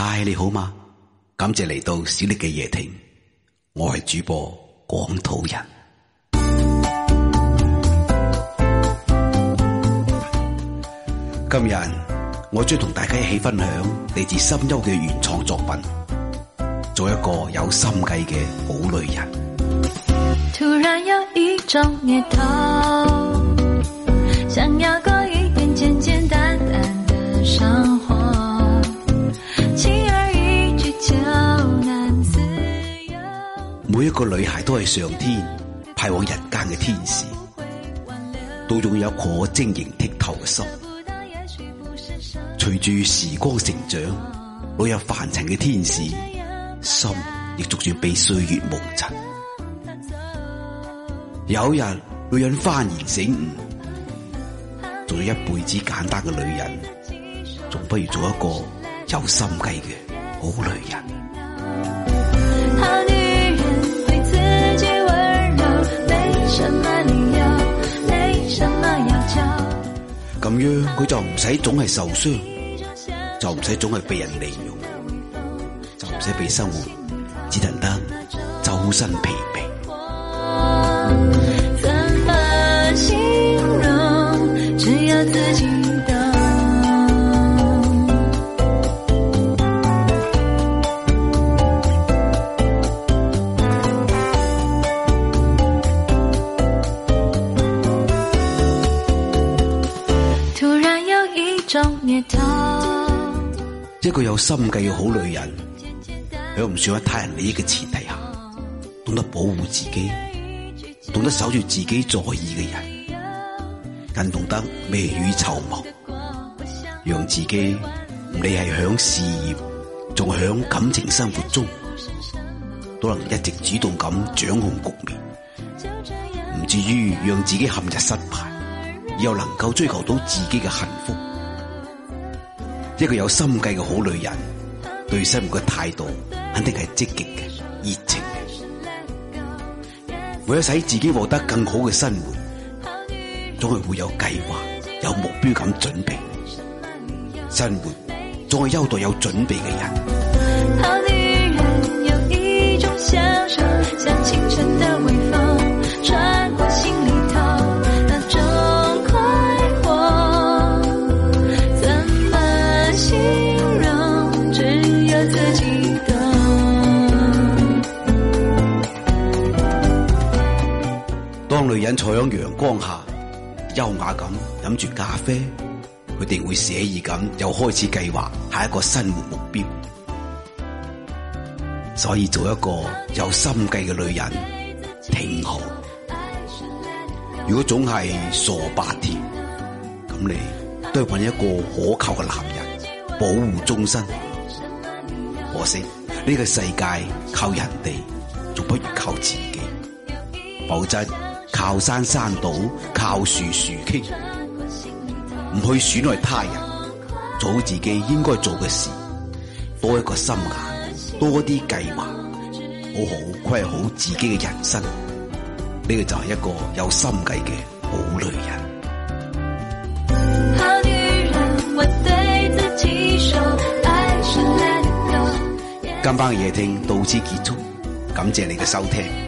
嗨，Hi, 你好嗎？感謝嚟到小力嘅夜聽，我係主播廣土人。今日我將同大家一起分享嚟自深幽嘅原創作品。做一個有心計嘅好女人。突然有一種念頭。每一個女孩都係上天派往人間嘅天使，都仲有可晶瑩剔透嘅心。隨住時光成長，老有凡塵嘅天使心，亦逐漸被歲月蒙塵。有一日女人幡然醒悟，做咗一輩子簡單嘅女人，仲不如做一個有心計嘅好女人。佢就唔使總係受傷，就唔使總係被人利用，就唔使被生活折騰得周身疲憊。一個有心計嘅好女人，響唔損害他人利益嘅前提下，懂得保護自己，懂得守住自己在意嘅人，更懂得未雨綢繆，讓自己，唔理係響事業，仲響感情生活中，都能一直主動咁掌控局面，唔至於讓自己陷入失敗，又能夠追求到自己嘅幸福。一個有心計嘅好女人，對生活嘅態度肯定係積極嘅、熱情嘅。為了使自己獲得更好嘅生活，總係會有計劃、有目標感準備。生活總係優待有準備嘅人。 坐喺陽光下，優雅咁飲住咖啡，佢哋會寫意咁又開始計劃下一個生活目標。所以做一個有心計嘅女人挺好。如果總係傻白甜，咁你都係揾一個可靠嘅男人保護終身。可惜呢個世界靠人哋，仲不如靠自己，否則。靠山山倒，靠樹樹傾，唔去損害他人，做好自己應該做嘅事，多一個心眼，多啲計劃，好好規劃好自己嘅人生。呢、這個就係一個有心計嘅好女人。好女人，我對 let you know. Yes. 今晚嘅夜聽到此結束，感謝你嘅收聽。